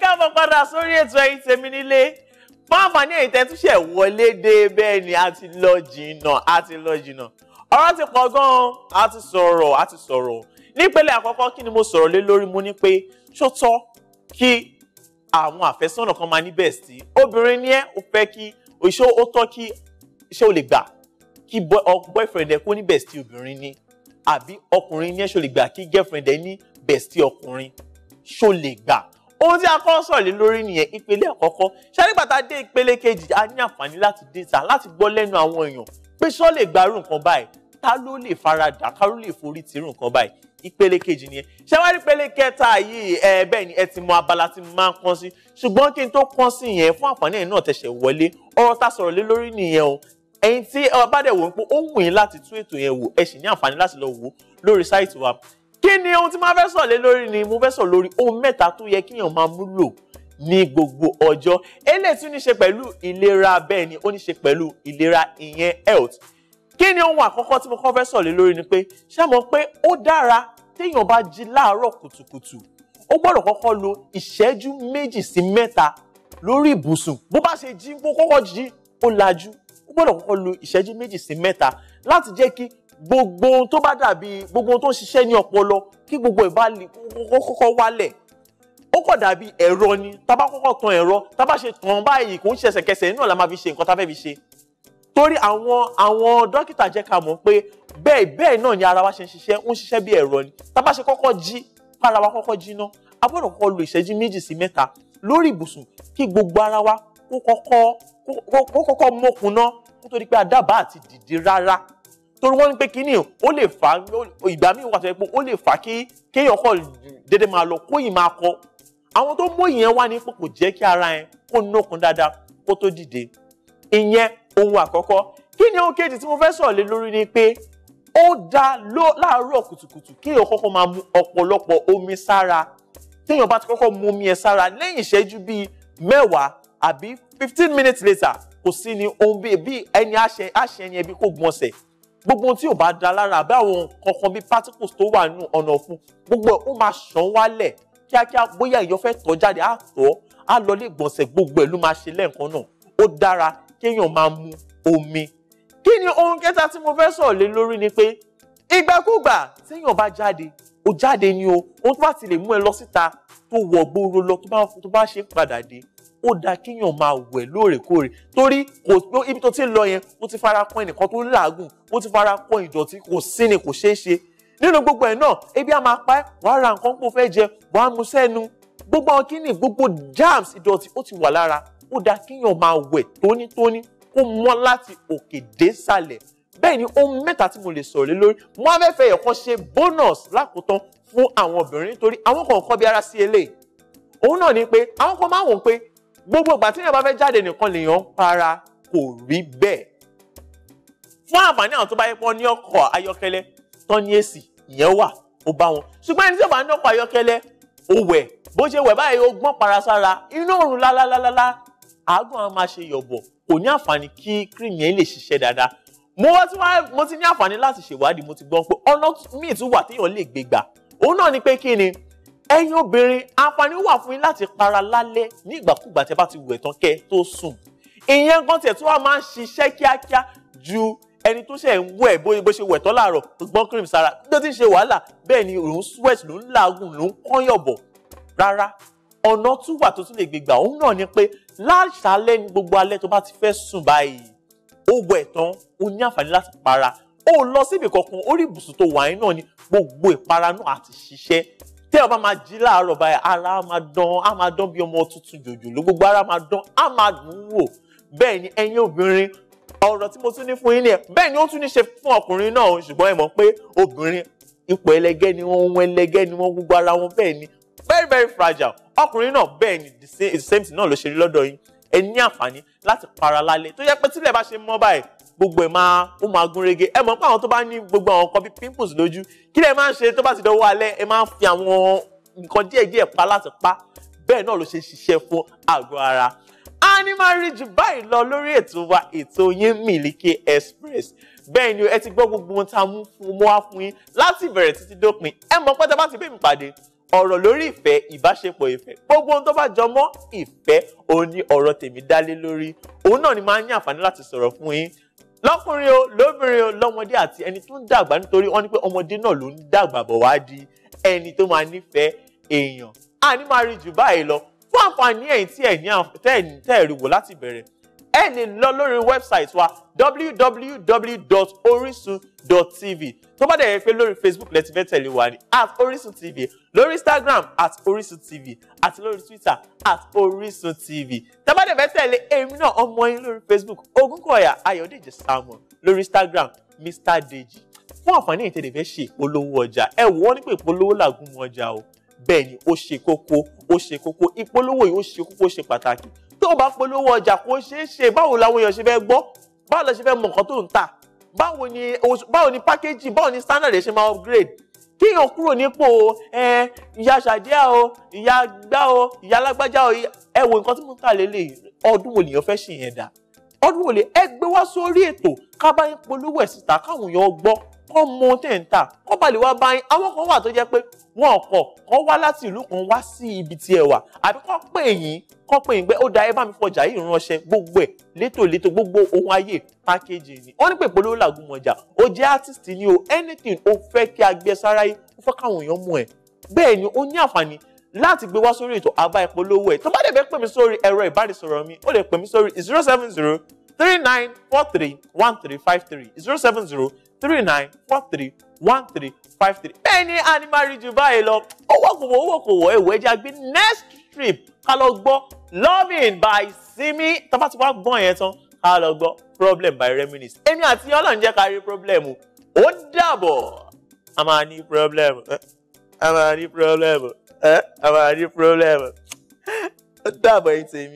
káàbọ̀ padà sórí ètò ẹ̀yin tèmi nílé fún àǹfààní ẹ̀yin tẹ́túṣẹ̀ wọlé dé bẹ́ẹ̀ ni a ti lọ jìnnà a ti lọ jìnnà ọ̀rọ̀ ti pọ̀ gan-an a ti sọ̀rọ̀ a ti sọ̀rọ̀ nípele àkọ́kọ́ kí ni mo sọ̀rọ̀ lé lórí mo ní pé ṣó tọ́ kí àwọn àfẹ́sọ́nà kan máa ní bestie obìnrin ni ẹ́ o fẹ́ kí ṣé ó tọ́ kí ṣé o lè gbà kí boyfriend ẹ kó ní bestie obìnrin ni àbí ọkùnrin ni ẹ ṣó lè gbà kí girlfriend ẹ ní bestie ọkùnrin ṣó lè gbà ohun tí a kọ́ sọ̀rọ̀ lé lórí nìyẹn ìpele àkọ́kọ́ ṣánígbà tá a dé ìpele kejì a ní àǹfààní láti dé ta láti gbọ́ lẹ́nu àwọn èèyàn pé sọ́ lè gbarú nǹkan báyìí ta ló lè faradà ká ló lè forí tìrú nǹkan báyìí ìpele kejì nìyẹn ṣé ìpele kẹta yìí ẹ bẹ́ẹ̀ ni ẹ ti mọ abala tí máa ń kàn sí ṣùgbọ́n kí n tó kàn sí yẹn fún àǹfààní ẹ̀ náà tẹ̀sẹ̀ wọlé ọ̀rọ̀ tá sọ̀rọ̀ lé lórí nìyẹn o ẹ̀yin tí ẹ bá dẹ̀ wò ó pé ó wù yín láti tú ètò yẹn wò ẹ sì ní àǹfààní láti lọ wò ó lórí sáìtì wa kí ni ohun tí máa fẹ́ sọ̀ lé lórí ni mo fẹ́ sọ̀ lórí ohun mẹ́ta tó yẹ kíyàn máa múlò ní gbogbo ọjọ́ eléyìí tún ní ṣe pẹ̀lú ìlera bẹ́ẹ̀ ni ó ní ṣe pẹ̀lú ìlera ìyẹn health kí ni ohun àkọ́kọ́ tí mo kọ́ fẹ́ sọ̀ lé lórí ni pé ṣé mọ̀ pé ó dára téèyàn bá jí láàárọ̀ kùtùkùtù ó gbọ́dọ̀ kọ́kọ́ lo ìṣẹ́jú méjì sí mẹ́ta lórí ibùsùn bó bá ṣe jí bó kọ́kọ́ jí ó lajú ó gbọ́dọ̀ kọ́kọ́ lo ìṣẹ́jú méjì sí mẹ́ta láti jẹ́ kí gbogbo ohun tó bá dàbí gbogbo ohun tó ń ṣiṣẹ́ ní ọpọlọ kí gbogbo ẹ̀ bá lè kọ́kọ́ wálẹ̀ ó kọ̀ dàbí ẹ̀rọ ni tá bá kọ́kọ́ tan ẹ̀rọ tá bá ṣe tàn báyìí kò ń ṣe ẹsẹ̀kẹsẹ̀ nínú la máa fi ṣe nǹkan tá fẹ́ fi ṣe torí àwọn àwọn dókítà jẹ́ ká mọ̀ pé bẹ́ẹ̀ bẹ́ẹ̀ náà ni ara wa ṣe ń ṣiṣẹ́ ń ṣiṣẹ́ bí ẹ̀rọ ni tá bá ṣe kọ́kọ́ jí kára wa kọ́kọ́ jiná a gbọ́dọ̀ kọ́kọ́ lo ìṣẹ́jú méjì sí mẹ́ta lórí ibùsùn kí gbogbo ara wa kó kọ́kọ́ mọ́kùnná nítorí pé a dábàá àti dìde rárá torí wọ́n ní pé kínní ó lè fà ìgbà míì wà tó yẹ pé ó lè fà kí kéèyàn kọ́ dédé máa lọ kóyìn máa kọ àwọn tó mú ìyẹn wá ní pé kò jẹ́ kí ara yẹn kó nókun dáadáa kó tó dìde ìyẹn ohun àkọ́kọ́ kí ni ohun kejì tí mo fẹ́ sọ̀rọ̀ lé lórí ni pé ó dá láàárọ̀ kùtùkùtù kéèyàn kọ́kọ́ máa mu ọ̀pọ̀lọpọ̀ omi sára téèyàn bá ti kọ́kọ́ mu omi ẹ̀ sára lẹ́yìn ìṣẹ́jú bíi mẹ́wàá àbí fifteen minutes later kò sí ni ohun bíi ẹni àṣẹ ẹni ẹbí kò gbọ̀nsẹ̀ gbogbo ohun tí ò bá da lára àbí àwọn kankan bíi particles tó wà nínú ọ̀nà ọ̀fun gbogbo ẹ̀ ó máa ṣàn wálẹ̀ kíákíá bóyá èèyàn fẹ́ tọ̀ jáde á tọ̀ á lọ lé gbọ̀nsẹ̀ gbogbo ẹ̀ ló máa ṣe lẹ́ẹ̀kan náà ó dára kéèyàn máa mu omi. kí ni ohun kẹta tí mo fẹ́ sọ̀rọ̀ lé lórí ni pé ìgbàkúgbà téèyàn bá jáde ó jáde ni o ohun tó bá ti lè mú ẹ lọ síta tó wọ̀ gbòòrò lọ tó bá ṣe padà dé ó dáa kíyàn máa wẹ̀ lóòrèkóòrè torí kò ibi tó ti lọ yẹn ó ti fara kọ ẹnìkan tó ń làágùn ó ti fara kọ ìdọ̀tí kò sí ni kò ṣeé ṣe nínú gbogbo ẹ̀ náà ebi á máa pa ẹ́ wàá ra nǹkan kó fẹ́ jẹ wàá mu sẹ́nu gbogbo àwọn kíní gbogbo germs ìdọ̀tí ó ti wà lára ó dáa kíyàn máa wẹ̀ tónítóní kó mọ́ láti òkè dé sàlẹ̀ bẹ́ẹ̀ ni ohun mẹ́ta tí mo lè sọ̀rọ̀ lé lórí mo á fẹ́fẹ́ yẹ̀ ṣe bonus lákòótán fún àwọn obìnrin nítorí àwọn kan kọ́ bí ara sí eléyìí òun náà ni pé àwọn kan máa wò pé gbogbo ìgbà tí èèyàn bá fẹ́ jáde nìkan lèèyàn para kò rí bẹ́ẹ̀ fún àǹfààní àwọn tó bá yẹ pọ́n ní ọkọ̀ ayọ́kẹ́lẹ́ tán ní èsì ìyẹn wà ó bá wọn ṣùgbọ́n ẹni tí ó bá ní ọkọ̀ ayọ́kẹ́lẹ́ ó wẹ̀ bó ṣe wẹ̀ báyìí ó gbọ́n para sára inú òrùn lálálálálá àágùn á máa ṣe yọ̀bọ̀ kò ní àǹfààní kí cream yẹn lè ṣiṣẹ́ dáadáa mo wá tí mo ti ní àǹfààní láti ṣèwádìí mo ti gbọ́ pé ọ̀nà míì tún wà téèyàn lè gbégbà òun náà ni pé kí ni ẹ̀yin obìnrin àǹfààní wà fún yín láti para lálẹ́ ní ìgbàkúgbà tẹ́ bá ti wẹ̀ tán kẹ́ tó sùn ìyẹn gan tiẹ̀ tó wà máa ń ṣiṣẹ́ kíákíá ju ẹni tó ṣe ń wẹ̀ bóyá bó ṣe wẹ̀ tán láàárọ̀ gbọ́n cream sára tó ti ń ṣe wàhálà bẹ́ẹ̀ ni òun sweat ló ń làágùn ló ń kọ́yọ̀bọ̀ rárá ọ̀nà tún wà tó tún lè gbégbà òun náà ni pé láṣálẹ́ ní gbogbo alẹ́ tó bá ti fẹ́ sùn báyìí ó wẹ̀ tán ó ní àǹfààní láti para ó lọ síbi kankan orí ibùsùn tó wà yín náà ni gbogbo ìpara náà àti ṣiṣẹ́ tẹ́ ọ bá máa jí láàárọ̀ báyìí ara á máa dán á máa dán bí ọmọ tuntun jòjòló gbogbo ara máa dán á máa dùn wò bẹ́ẹ̀ ni ẹ̀yin obìnrin ọ̀rọ̀ tí mo tún ní fún yín nìyẹn bẹ́ẹ̀ ni ó tún ní ṣe fún ọkùnrin náà ṣùgbọ́n ẹ mọ̀ pé obìnrin ipò ẹlẹgẹ́ ni wọ́n ohun ẹlẹgẹ́ ni wọ́n gbogbo ara wọn bẹ́ẹ̀ ni very very fragile ọkùnrin náà bẹ́ẹ̀ ni the same thing náà ló ṣe rí lọ́dọ̀ yín ẹ ní àǹfààní láti para lálẹ́ tó yẹ pé tílẹ̀ bá ṣe mọ́ báyìí gbogbo ẹ̀ máa ó máa gún régé ẹ mọ̀ pé àwọn tó bá ní gbogbo àwọn nǹkan bíi pimples lójú kí lẹ máa ń ṣe tó bá ti dọwọ́ alẹ́ ẹ máa ń fi àwọn nǹkan díẹ̀ díẹ̀ pa láti pa bẹ́ẹ̀ náà ló ṣe ṣiṣẹ́ fún àgọ́ ara a ní báyìí lọ lórí ètò wa ètò yín Miliki Express bẹ́ẹ̀ ni ẹ ti gbọ́ gbogbo ohun tá a mú mọ́ wá fún yín láti ìbẹ̀rẹ̀ títí dópin ẹ mọ̀ pé tá a bá ti bẹ́ẹ̀ mi pàdé ọ̀rọ̀ lórí ìfẹ́ ìbáṣepọ̀ ìfẹ́ gbogbo ohun tó bá jọ mọ́ ìfẹ́ òun ni ọ̀rọ̀ tèmi dálé lórí òun náà ni máa ń ní àǹfààní láti sọ̀rọ̀ fún yín lọ́kùnrin o lóbìnrin o lọ́mọdé àti ẹni tó ń dàgbà nítorí wọ́n ní pé ọmọdé náà ló ń dàgbà bọ̀ wá di ẹni tó máa nífẹ̀ẹ́ èèyàn àní máa rí jù báyìí lọ fún àǹfààní ẹ̀yin tí ẹ̀ ní tẹ́ẹ̀rí wò láti bẹ̀rẹ̀ ẹ lè lọ lórí website wa www.orisun.tv tó bá dẹ̀ yẹ pé lórí facebook lẹ́tí fẹ́ tẹ̀lé wa ni at orisun tv lórí instagram at orisun tv àti lórí twitter at orisun tv tá bá dẹ̀ fẹ́ tẹ̀lé èmi náà ọmọ yín lórí facebook ogunkoya ayọ̀dèjì samuel lórí instagram mr deji fún àǹfààní ètè lè fẹ́ ṣe ìpolówó ọjà ẹ wọ́n ní pé ìpolówó làgùn ọjà o bẹ́ẹ̀ ni ó ṣe kókó ó ṣe kókó ìpolówó yìí ó ṣe kókó ó ṣe pàtàkì tó o bá polówó ọjà kó ṣeé ṣe báwo làwọn èèyàn ṣe fẹ́ gbọ́ báwo lọ ṣe fẹ́ mọ nǹkan tó ń tà báwo ni báwo ni packaging báwo ni standard rẹ ṣe máa upgrade kéèyàn kúrò nípò ẹ ìyá ṣàdíà o ìyá gbá o ìyá alágbájá o ẹ wo nǹkan tí mo ń tà lélẹ̀ ọdún wo lèèyàn fẹ́ ṣèyẹn dà ọdún wo lè ẹ gbé wá sórí ètò ká bá ń polówó ẹ̀ síta káwọn èèyàn gbọ́ kọ́ mọ tẹ̀ ń tà kọ́ bá lè wá báyìí àwọn kan wà tó jẹ́ pé wọn kọ̀ kọ́ wá láti ìlú kan wá sí ibi tí ẹ wà àbí kọ́ pè yín kọ́ pè yín pé ó da ẹ bá mi fọjà yìí ránṣẹ́ gbogbo ẹ̀ létòlétò gbogbo ohun ayé pákéjì ni wọ́n ní pé polówó làgùn mọ̀jà ó jẹ́ artist ni o anything ó fẹ́ kí a gbé e sára yìí ó fẹ́ káwọn èèyàn mọ̀ ẹ̀ bẹ́ẹ̀ ni ó ní àǹfààní láti gbé wá sórí ètò àbá ìpolówó ẹ̀ tó bá dẹ̀ fẹ́ pè mí sórí ẹ̀rọ ìbánisọ̀rọ̀ mi ó lè pè mí sórí zero seven zero three nine four three one three five three zero seven zero three nine four three one three five three bẹ́ẹ̀ animal a ní máa rí ju báyìí lọ owó kòwò owó kòwò ẹ̀wọ̀ ẹja gbé next trip ká lọ gbọ́ loving by Simi tábà tí wàá gbọ́n yẹn tán ká lọ gbọ́ problem by Reminis. èmi àti ọlọ́run jẹ́ ká rí problem ó dàbọ̀ a máa ní problem a máa ní problem a máa ní problem ó dàbọ̀ ẹ̀yin tèmi.